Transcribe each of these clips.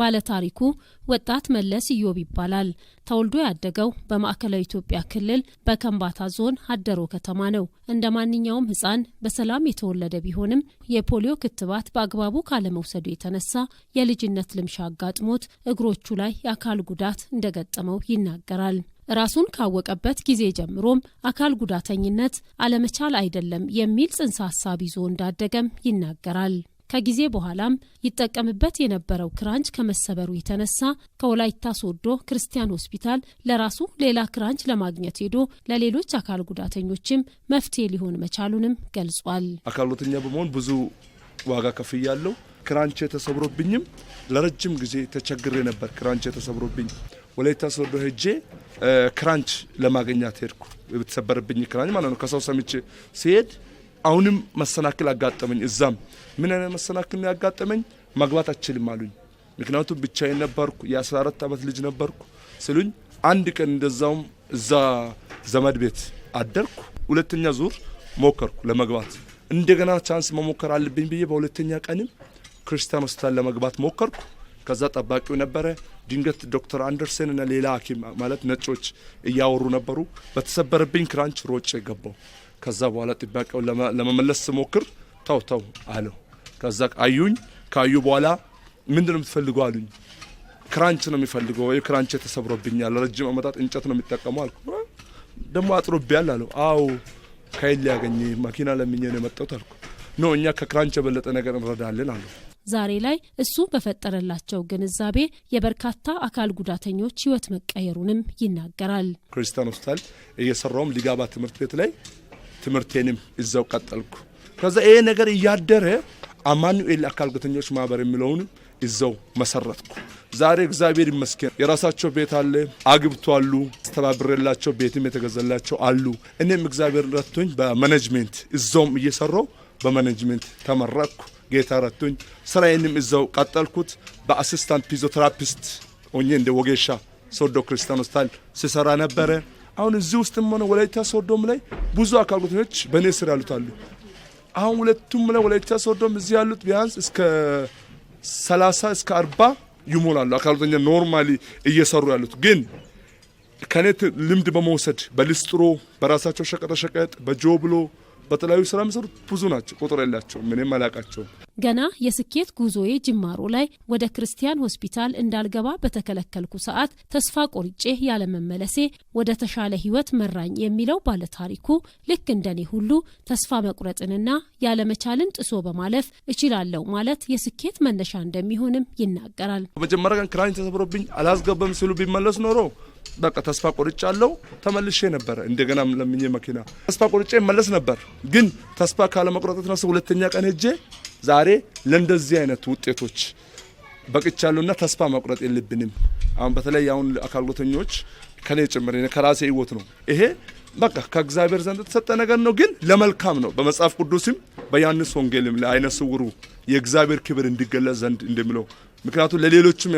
ባለታሪኩ ወጣት መለስ ኢዮብ ይባላል። ተወልዶ ያደገው በማዕከላዊ ኢትዮጵያ ክልል በከምባታ ዞን ሀደሮ ከተማ ነው። እንደ ማንኛውም ሕፃን በሰላም የተወለደ ቢሆንም የፖሊዮ ክትባት በአግባቡ ካለመውሰዱ የተነሳ የልጅነት ልምሻ አጋጥሞት እግሮቹ ላይ የአካል ጉዳት እንደገጠመው ይናገራል። ራሱን ካወቀበት ጊዜ ጀምሮም አካል ጉዳተኝነት አለመቻል አይደለም የሚል ጽንሰ ሀሳብ ይዞ እንዳደገም ይናገራል። ከጊዜ በኋላም ይጠቀምበት የነበረው ክራንች ከመሰበሩ የተነሳ ከወላይታ ሶዶ ክርስቲያን ሆስፒታል ለራሱ ሌላ ክራንች ለማግኘት ሄዶ ለሌሎች አካል ጉዳተኞችም መፍትሄ ሊሆን መቻሉንም ገልጿል። አካል ጉዳተኛ በመሆን ብዙ ዋጋ ከፍያለሁ። ክራንች የተሰብሮብኝም ለረጅም ጊዜ ተቸግሬ ነበር። ክራንች የተሰብሮብኝ ወላይታ ሶዶ ሄጄ ክራንች ለማግኘት ሄድኩ። የተሰበረብኝ ክራንች ማለት ነው። ከሰው ሰምቼ ሲሄድ አሁንም መሰናክል አጋጠመኝ። እዛም ምን አይነት መሰናክል ያጋጠመኝ ማግባት አችልም አሉኝ። ምክንያቱም ብቻዬን ነበርኩ፣ የ14 ዓመት ልጅ ነበርኩ ስሉኝ አንድ ቀን እንደዛውም እዛ ዘመድ ቤት አደርኩ። ሁለተኛ ዙር ሞከርኩ ለመግባት እንደገና ቻንስ መሞከር አለብኝ ብዬ በሁለተኛ ቀንም ክርስቲያን ሆስፒታል ለመግባት ሞከርኩ። ከዛ ጠባቂው ነበረ። ድንገት ዶክተር አንደርሰን እና ሌላ ሐኪም ማለት ነጮች እያወሩ ነበሩ። በተሰበረብኝ ክራንች ሮጬ ገባው። ከዛ በኋላ ጥያቄውን ለመመለስ ስሞክር ተው ተው አለው። ከዛ አዩኝ። ካዩ በኋላ ምንድን ነው የምትፈልገው አሉኝ። ክራንች ነው የሚፈልገው ወይ ክራንች ተሰብሮብኛል፣ ረጅም አመታት እንጨት ነው የሚጠቀመው አልኩ። ደግሞ አጥሮብያል አለው። አዎ ከይል ያገኘ መኪና ለምኜ ነው የመጣሁት አልኩ። ኖ እኛ ከክራንች የበለጠ ነገር እንረዳለን አሉ። ዛሬ ላይ እሱ በፈጠረላቸው ግንዛቤ የበርካታ አካል ጉዳተኞች ህይወት መቀየሩንም ይናገራል። ክርስቲያን ሆስፒታል እየሰራውም ሊጋባ ትምህርት ቤት ላይ ትምህርቴንም እዛው ቀጠልኩ። ከዛ ይሄ ነገር እያደረ አማኑኤል አካል ጉዳተኞች ማህበር የሚለውን እዛው መሰረትኩ። ዛሬ እግዚአብሔር ይመስገን የራሳቸው ቤት አለ፣ አግብቷሉ፣ አስተባብሬላቸው ቤትም የተገዘላቸው አሉ። እኔም እግዚአብሔር ረቶኝ በማኔጅሜንት እዛውም እየሰራው በማኔጅሜንት ተመረቅኩ። ጌታ ረቶኝ ስራዬንም እዛው ቀጠልኩት። በአሲስታንት ፊዚዮቴራፒስት ሆኜ እንደ ወጌሻ ሶዶ ክርስቲያን ሆስፒታል ስሰራ ነበረ። አሁን እዚህ ውስጥም ሆነ ወላይታ ሶዶም ላይ ብዙ አካል ጉዳተኞች በእኔ ስር ያሉት አሉ። አሁን ሁለቱም ላይ ወላይታ ሶዶም እዚህ ያሉት ቢያንስ እስከ 30 እስከ 40 ይሞላሉ። አካል ጉዳተኛ ኖርማሊ እየሰሩ ያሉት ግን ከኔት ልምድ በመውሰድ በልስጥሮ በራሳቸው ሸቀጣሸቀጥ በጆብሎ በተለያዩ ስራ የሚሰሩት ብዙ ናቸው፣ ቁጥር የላቸውም። ምንም አላቃቸውም። ገና የስኬት ጉዞዬ ጅማሮ ላይ ወደ ክርስቲያን ሆስፒታል እንዳልገባ በተከለከልኩ ሰዓት ተስፋ ቆርጬ ያለመመለሴ ወደ ተሻለ ህይወት መራኝ የሚለው ባለታሪኩ ልክ እንደኔ ሁሉ ተስፋ መቁረጥንና ያለመቻልን ጥሶ በማለፍ እችላለሁ ማለት የስኬት መነሻ እንደሚሆንም ይናገራል። መጀመሪያ ቀን ክራኝ ተሰብሮብኝ አላስገባም ሲሉ ቢመለስ ኖሮ በቃ ተስፋ ቆርጬ ተመልሼ ነበረ እንደገና ለምኜ መኪና ተስፋ ቆርጬ መለስ ነበር። ግን ተስፋ ካለመቁረጥ ነው ሁለተኛ ቀን ሄጄ ዛሬ ለእንደዚህ አይነት ውጤቶች በቅቻለሁና ተስፋ መቁረጥ የለብንም። አሁን በተለይ አሁን አካል ጉዳተኞች ከኔ ጭምር ከራሴ ህይወት ነው ይሄ በቃ ከእግዚአብሔር ዘንድ የተሰጠ ነገር ነው፣ ግን ለመልካም ነው። በመጽሐፍ ቅዱስም በዮሐንስ ወንጌልም ለአይነ ስውሩ የእግዚአብሔር ክብር እንዲገለጽ ዘንድ እንደሚለው ምክንያቱም ለሌሎችም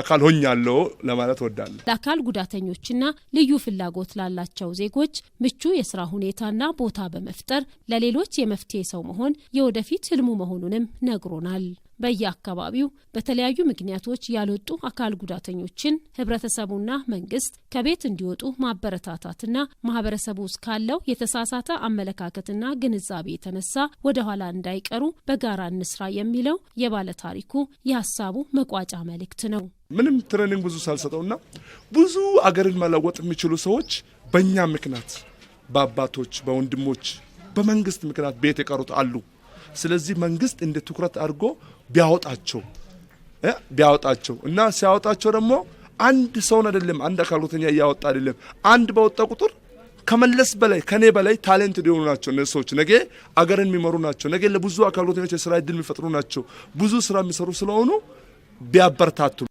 አካል ሆኛለሁ ለማለት ወዳለሁ። ለአካል ጉዳተኞችና ልዩ ፍላጎት ላላቸው ዜጎች ምቹ የስራ ሁኔታና ቦታ በመፍጠር ለሌሎች የመፍትሄ ሰው መሆን የወደፊት ህልሙ መሆኑንም ነግሮናል። በየአካባቢው በተለያዩ ምክንያቶች ያልወጡ አካል ጉዳተኞችን ህብረተሰቡና መንግስት ከቤት እንዲወጡ ማበረታታትና ማህበረሰቡ ውስጥ ካለው የተሳሳተ አመለካከትና ግንዛቤ የተነሳ ወደ ኋላ እንዳይቀሩ በጋራ እንስራ የሚለው የባለታሪኩ የሀሳቡ መቋጫ መልእክት ነው። ምንም ትሬኒንግ ብዙ ሳልሰጠውና ብዙ አገርን መለወጥ የሚችሉ ሰዎች በእኛ ምክንያት በአባቶች፣ በወንድሞች፣ በመንግስት ምክንያት ቤት የቀሩት አሉ። ስለዚህ መንግስት እንደ ትኩረት አድርጎ ቢያወጣቸው ቢያወጣቸው እና ሲያወጣቸው ደግሞ አንድ ሰውን አይደለም አንድ አካል ጉዳተኛ እያወጣ አይደለም። አንድ በወጣ ቁጥር ከመለስ በላይ ከኔ በላይ ታሌንት ሊሆኑ ናቸው እነዚህ ሰዎች። ነገ አገርን የሚመሩ ናቸው። ነገ ለብዙ አካል ጉዳተኞች የስራ እድል የሚፈጥሩ ናቸው። ብዙ ስራ የሚሰሩ ስለሆኑ ቢያበረታቱ